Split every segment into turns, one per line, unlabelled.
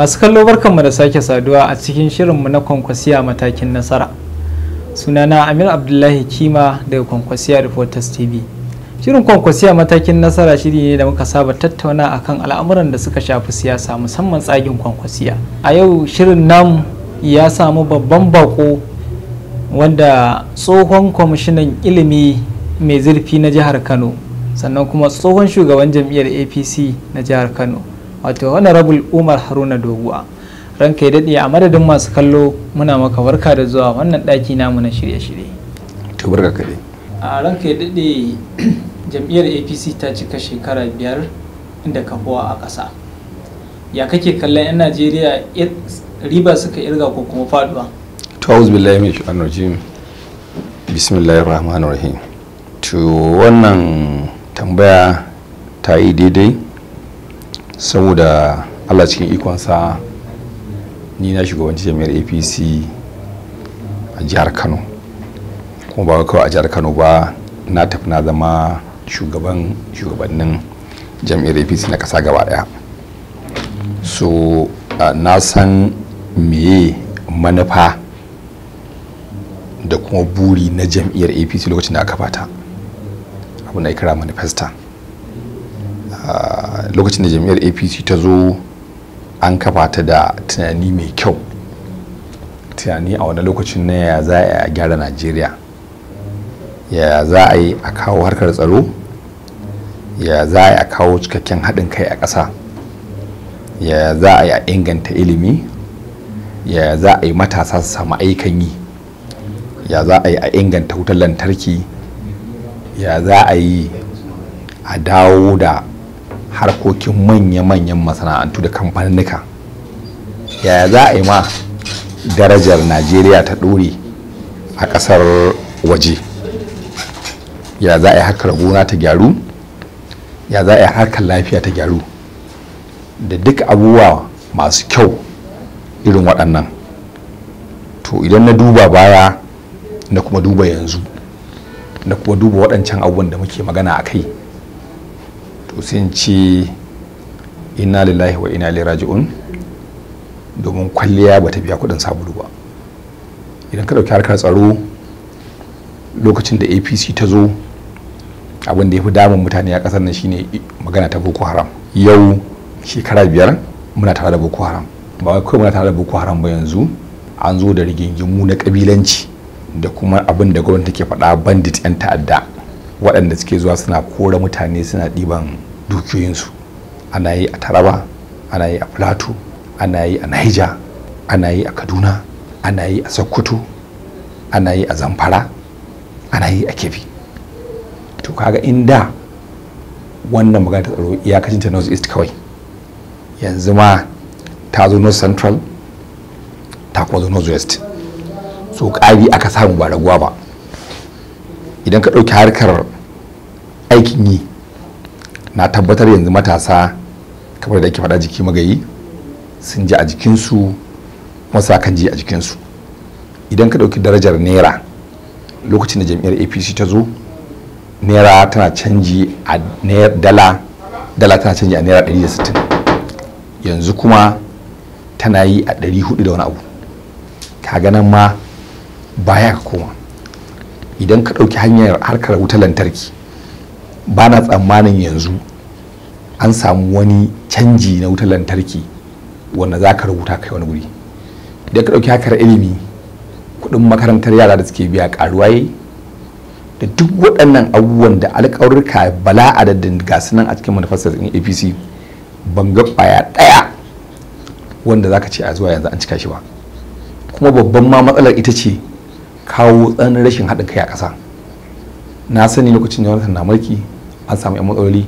masu kallo barkanmu da sake saduwa a cikin shirin mu na kwankwasiya matakin nasara sunana amir abdullahi kima daga kwankwasiya reporters tv shirin kwankwasiya matakin nasara shiri ne da muka saba tattauna akan al'amuran da suka shafi siyasa musamman tsagin kwankwasiya a yau shirin nam ya samu babban bako wanda tsohon kwamishinan ilimi mai zurfi na jihar kano sannan kuma tsohon shugaban jam'iyyar apc na jihar kano wato honorable umar haruna doguwa ranka ya daɗe a madadin masu kallo muna maka barka da zuwa wannan ɗaki namu na shirye-shirye
to barka kaɗai
a ranka ya daɗe jam'iyyar apc ta cika shekara biyar inda ka bawa a ƙasa ya kake kallon 'yan najeriya riba suka irga ko kuma faduwa
to auzu billahi min shaitanir rajim bismillahir rahmanir rahim to wannan tambaya ta yi daidai saboda allah cikin ikonsa ni na shugabanci jami'ar apc a jihar kano kuma ba kawai a jihar kano ba na tafi na zama shugaban shugabannin jami'ar apc na kasa gaba daya so na san meye manufa da kuma buri na jam'iyyar apc lokacin da aka fata abu na kira manifesta Ah, lokacin da jami'ar apc ta zo an kafa ta da tunani mai kyau tunani a wani lokacin na ya za a gyara najeriya ya za a yi a kawo harkar tsaro ya za a yi a kawo cikakken haɗin kai a ƙasa ya za a yi a inganta ilimi ya za a yi matasa su samu aikan yi ya za a yi a inganta wutar lantarki ya za a yi a dawo da harkokin manya-manyan masana'antu da nika yaya za a yi ma darajar najeriya ta ɗore a ƙasar waje ya za a yi harkar gona ta gyaru ya za a yi harkar lafiya ta gyaru da duk abubuwa masu kyau irin waɗannan to idan na duba baya na kuma duba yanzu na kuma duba waɗancan abubuwan da muke magana a kai kusanci ina lillahi wa inna ilaihi raji'un domin kwalliya ba ta biya kudin sabulu ba idan ka dauki harkar tsaro lokacin da apc ta zo abin da ya fi damun mutane a kasar nan shine magana ta boko haram yau shekara biyar muna tare da boko haram ba wai kawai muna tare da boko haram ba yanzu an zo da rigingimu na kabilanci da kuma abin da gwamnati ke faɗa bandit 'yan ta'adda waɗanda suke zuwa suna kora mutane suna ɗiban dukiyoyinsu ana yi a taraba ana yi a plateau ana yi a naija ana yi a kaduna ana yi a sokoto ana yi a zamfara ana yi a kefi to kaga inda wannan magana ta tsaro iyakacin ta north east kawai yanzu ma ta zo north central ta kuma zo north west so ƙari aka samu ba raguwa ba idan ka ɗauki harkar aikin yi na tabbatar yanzu matasa kamar da ake faɗa jiki magayi sun ji a jikinsu masa kan ji a jikinsu idan ka ɗauki darajar naira lokacin da jam'iyyar apc ta zo naira tana canji a dala dala tana canji a naira 160 yanzu kuma tana yi a 400 da wani abu ka nan ma baya ka koma idan ka ɗauki hanyar harkar wutar lantarki ba na tsammanin yanzu an samu wani canji na wutar lantarki wanda za ka rubuta kai wani guri da ka ɗauki hakar ilimi kuɗin makarantar yara da suke biya ƙaruwa yi da duk waɗannan abubuwan da alƙawarka bala adadin ga nan a cikin manufasar ɗin apc ban ga ƙwaya ɗaya wanda za ka ce a zuwa yanzu an cika shi ba kuma babban ma matsalar ita ce kawo tsananin rashin haɗin kai a ƙasa na sani lokacin jonathan na mulki an samu yan matsaloli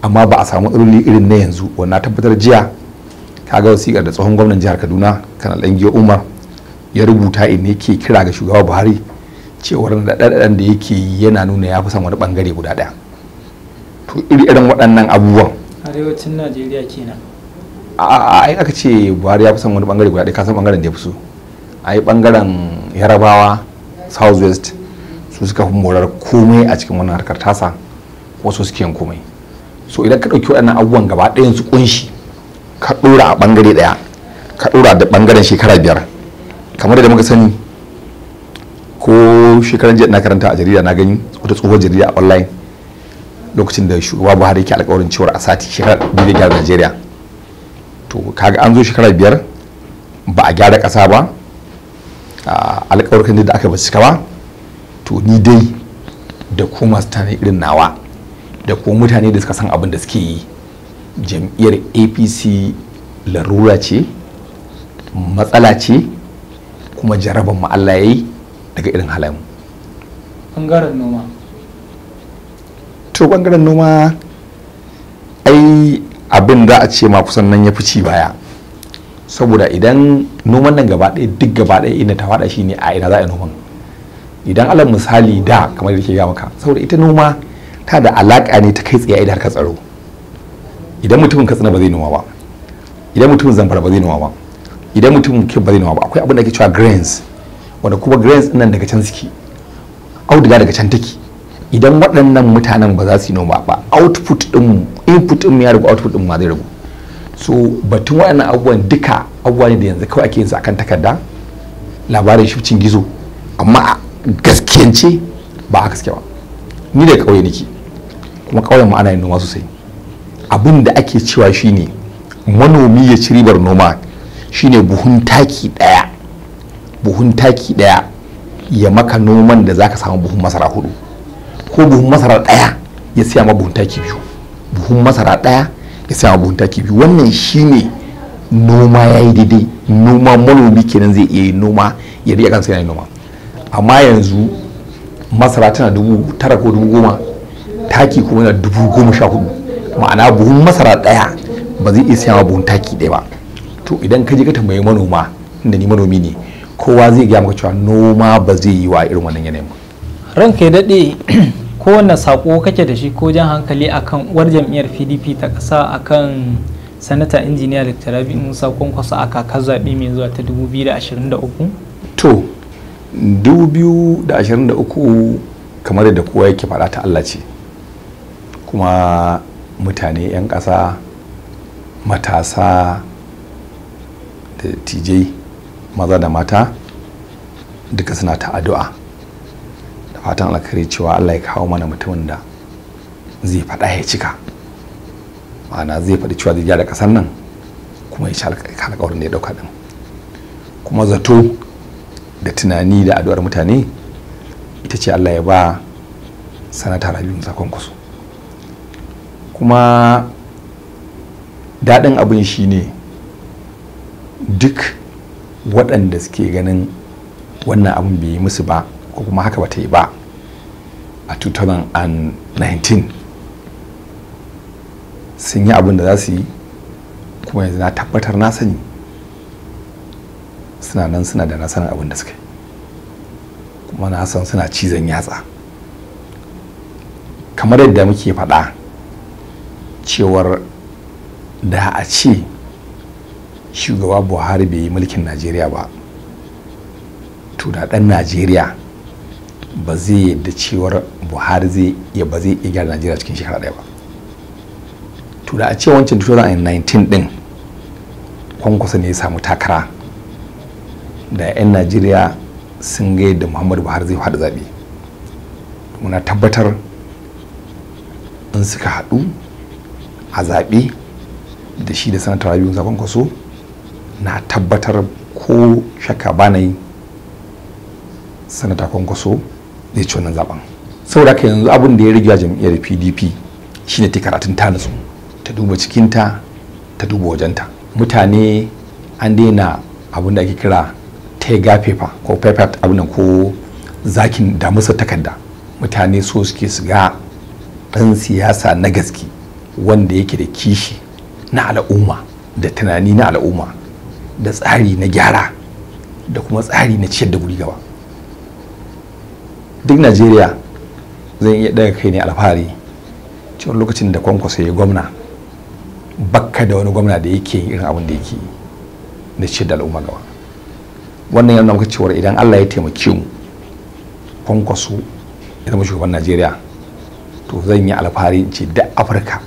amma ba a samu matsaloli irin na yanzu wannan tabbatar jiya ka ga wasikar da tsohon gwamnan jihar kaduna kana dangiyo umar ya rubuta in yake kira ga shugaba buhari cewar da ɗaɗaɗan da yake yi yana nuna ya fi son wani bangare guda ɗaya to iri irin waɗannan abubuwan
arewacin najeriya kenan
a ai aka ce buhari ya fi son wani bangare guda ɗaya san bangaren da ya fi so a yi bangaren yarabawa west. su suka fi morar komai a cikin wannan harkar tasa su suke yin komai so idan ka ɗauki waɗannan abubuwan gaba ɗayan su kunshi ka ɗora a ɓangare ɗaya ka ɗora da ɓangaren shekara biyar kamar da muka sani ko shekaran jiya na karanta a jarida na gani wata tsohuwar jarida a online lokacin da shugaba buhari yake alkawarin cewar a sati shekara biyu da gyara najeriya to kaga an zo shekara biyar ba a gyara ƙasa ba alkawarkan da aka ba basu ba to ni dai da ko masu tani irin nawa da ko mutane da suka san abin da suke yi jam'iyyar apc larura ce matsala ce kuma jaraban Allah ya yi daga irin halayen
bangaren noma to
bangaren noma ai abin za a ce ma kusan nan ya fi ci baya saboda idan noman nan gaba ɗaya duk gaba ɗaya inda ta faɗa shi ne a ina za a yi noman idan alal misali da kamar da ke ga maka saboda ita noma ta da alaka ne ta kai tsaye idan ka tsaro idan mutumin katsina ba zai noma ba idan mutumin zamfara ba zai noma ba idan mutumin kib ba zai noma ba akwai abin da ake cewa grains wanda kuma grains nan daga can suke auduga daga can take idan waɗannan mutanen ba za su yi noma ba output din input din ya ragu output din ma zai ragu so batun waɗannan abubuwan duka abubuwa ne da yanzu kawai ake yin su akan takarda labarin shifcin gizo amma gaskiyance ba a gaske ba ni da ƙauye nake kuma ƙauyen mu ana yin noma sosai abin da ake cewa shine manomi ya ci ribar noma shine buhun taki daya buhun taki daya ya maka noman da zaka samu buhun masara hudu ko buhun masara daya ya siya ma buhun taki biyu buhun masara daya ya siya ma buhun taki biyu wannan shine noma yayi daidai noma manomi kenan zai iya yi noma ya riƙa kansa yana noma amma yanzu masara tana dubu tara ko dubu goma taki kuma yana dubu goma sha hudu ma'ana buhun masara daya ba zai iya siya buhun taki daya ba to idan ka je ka tambayi manoma inda ni manomi ne kowa zai gaya maka cewa noma ba zai yi wa irin wannan yanayin ba
ranka ya ko kowane sako kake da shi ko jan hankali akan war jam'iyyar pdp ta ƙasa akan sanata injiniya dr rabi musa kwankwaso a kakar zaɓe mai zuwa ta 2023
2023 kamar da kowa yake faɗa ta Allah ce kuma mutane 'yan ƙasa matasa da tijai maza da mata duka suna ta addu'a da fatan alkhairi cewa Allah ya kawo mana mutumin da zai faɗa ya cika ma'ana zai faɗi cewa zai gyara ƙasar nan kuma ya ci alƙawarin da ya ɗauka ɗin kuma zato da tunani da addu'ar mutane ita ce allah ya ba sanata rabiu sakon kusu kuma daɗin abin shi ne duk waɗanda suke ganin wannan abin bai yi musu ba ko kuma haka bata yi ba a 2019 sun yi abin da za su yi kuma yanzu na tabbatar na sani suna nan suna da nasarar abin da suka kuma na san suna cizon yatsa kamar yadda muke faɗa cewar da a ce shugaba buhari bai yi mulkin najeriya ba to da ɗan najeriya ba zai yadda cewar buhari zai ya ba zai iya najeriya cikin shekara ɗaya ba to da a ce wancan 2019 ɗin kwankwasa ne ya samu takara da 'yan najeriya sun ga yadda muhammadu buhari zai haɗa zaɓe muna tabbatar in suka haɗu a zaɓe da shi da sanata rabiu zafin kwaso na tabbatar ko shakka ba sanata kwankwaso zai ci wannan zaben saboda ka yanzu abin da ya rage jam'iyyar pdp shine ta karatun ta nutsu ta duba cikinta ta duba wajenta mutane an daina abin da ake kira ta ga fefa ko fefat abin ko zakin da musa takarda mutane so suke su ga ɗan siyasa na gaske wanda yake da kishi na al'umma da tunani na al'umma da tsari na gyara da kuma tsari na ciyar da guri gaba duk najeriya zai iya daga kai ne alfahari cewa lokacin da kwankwasa ya gwamna bakka da wani gwamna da yake irin abin da yake na ciyar da al'umma gaba wannan yana muka cewa idan allah ya taimake mu kwankwaso ya zama shugaban najeriya to zan yi alfahari in ce da afirka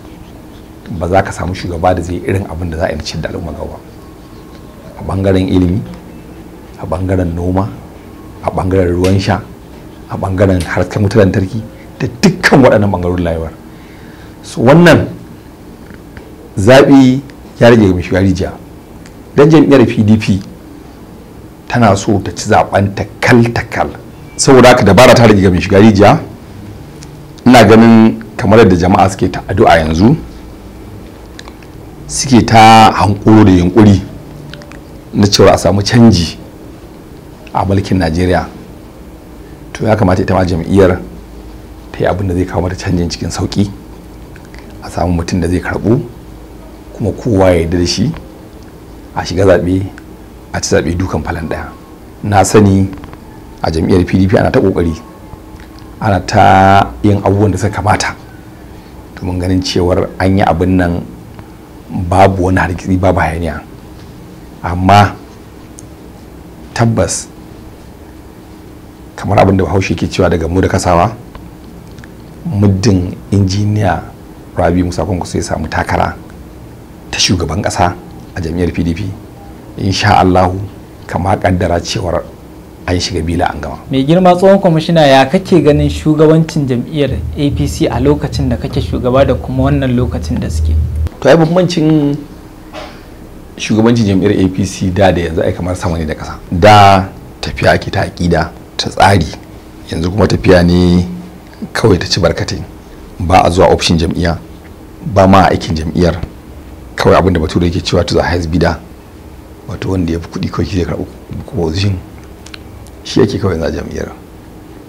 ba za ka samu shugaba da zai irin abin da za a yi da al'umma gaba a bangaren ilimi a bangaren noma a bangaren ruwan sha a bangaren harkar wutar lantarki da dukkan waɗannan bangarorin layuwar su wannan zaɓi ya rage mai shugari jiya don jam'iyyar pdp tana so ta ci zaben takal takal saboda haka dabara ta rage mai shiga rijiya ina ganin kamar yadda jama'a suke ta addu'a yanzu suke ta hankoro da yunkuri na cewa a samu canji a mulkin najeriya to ya kamata ita ma jam'iyyar ta yi abin da zai kawo mata canjin cikin sauki a samu mutum da zai karbu kuma kowa ya yarda da shi a shiga zaɓe a ci zaɓe dukan falon ɗaya na sani a jam'iyyar pdp ana ta ƙoƙari ana ta yin abubuwan da suka kamata domin ganin cewar an yi abin nan babu wani hargitsi babu hayaniya amma tabbas kamar abin da bahaushe ke cewa daga mu da kasawa muddin injiniya rabi musa kwankwaso ya samu takara ta shugaban ƙasa a jam'iyyar pdp insha Allahu kama kaddara cewar an shiga bila an gama
mai girma tsohon kwamishina ya kake ganin shugabancin jam'iyyar apc a lokacin da kake shugaba da kuma wannan lokacin da suke to ai bambancin
shugabancin jam'iyyar apc da da yanzu ai kamar sama ne da kasa da tafiya ake ta aƙida ta tsari yanzu kuma tafiya ne kawai ta ci barkatai ba a zuwa ofishin jam'iyya ba ma aikin jam'iyyar kawai abin da bature yake cewa to za has bida wato wanda ya fi kuɗi kawai shi zai karɓi position shi yake kawai na jam'iyyar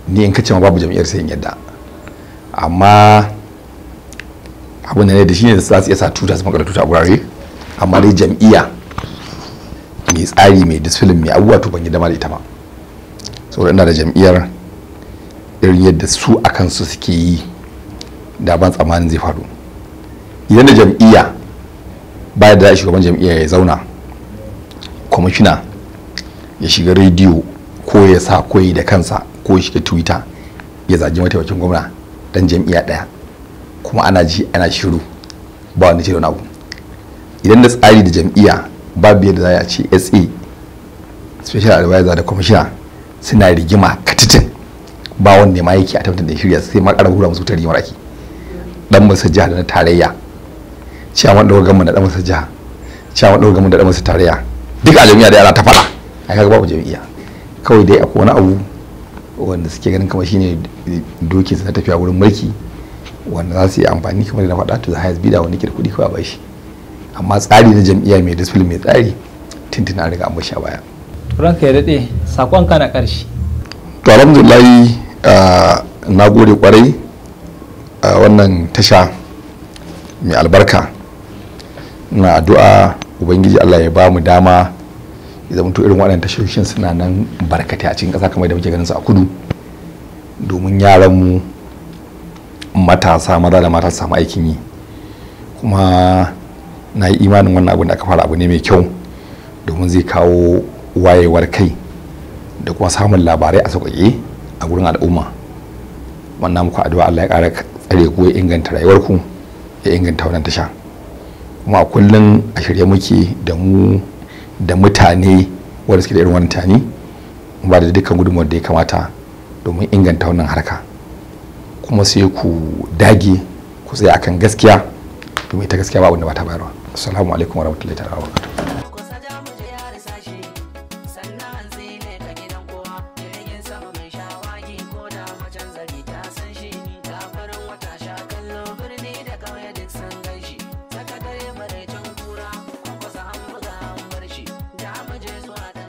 ni in kace ma babu jam'iyyar sai in yadda amma abin da ne da shi ne za su iya sa tuta su makara tuta a gurare amma dai jam'iyya mai tsari mai disfilin mai abubuwa to ban yi dama da ita ba saboda ina da jam'iyyar irin yadda su a kansu suke yi da ban tsammanin zai faru idan da jam'iyya ba da shugaban jam'iyya ya zauna kwamishina ya shiga rediyo ko ya sa koyi da kansa ko ya shiga twitter ya zagi mataimakin gwamna dan jam'iyya daya kuma ana ji ana shiru ba wani shirin abu idan da tsari da jam'iyya babu yadda za a ce sa special advisor da kwamishina suna rigima katitin ba wanda ma yake a tabbatar da shirya sai ma ƙara hura musu wutar rigimar ake dan masa jiha da na tarayya ciyaman ɗaukar gama da dan masa jiha ciyaman ɗaukar gama da dan masa tarayya duk a jami'a dai ana ta faɗa a kaga babu jami'a kawai dai akwai wani abu wanda suke ganin kamar shine doki na tafiya wurin mulki wanda za su yi amfani kamar da na faɗa to za hayas da wani ke kuɗi kawai a bashi amma tsari na jam'iyya mai discipline mai tsari tuntun an riga an bashi a baya
ka ya daɗe sakon ka na ƙarshe
to alhamdulillahi ah, na gode kwarai a ah, wannan tasha mai albarka na addu'a ubangiji allah ya ba mu dama zama to irin waɗannan tashoshin suna nan barkatai a cikin ƙasa kamar da muke ganin su a kudu domin yaranmu matasa maza da mata su samu aikin yi kuma na yi imanin wannan abin da aka fara abu ne mai kyau domin zai kawo wayewar kai da kuma samun labarai a sauƙaƙe a gurin al'umma wannan muku addu'a Allah ya ƙara tsare ku ya inganta rayuwarku ya inganta wannan tasha kuma a kullum a shirye muke da mu da mutane wanda suke da irin wannan tani ba da dukkan gudunmawar da ya kamata domin inganta wannan harka kuma sai ku dage ku tsaya akan gaskiya domin ita gaskiya ba wanda da ba ta bayarwa assalamu alaikum warahmatullahi ta'ala wabarakatuh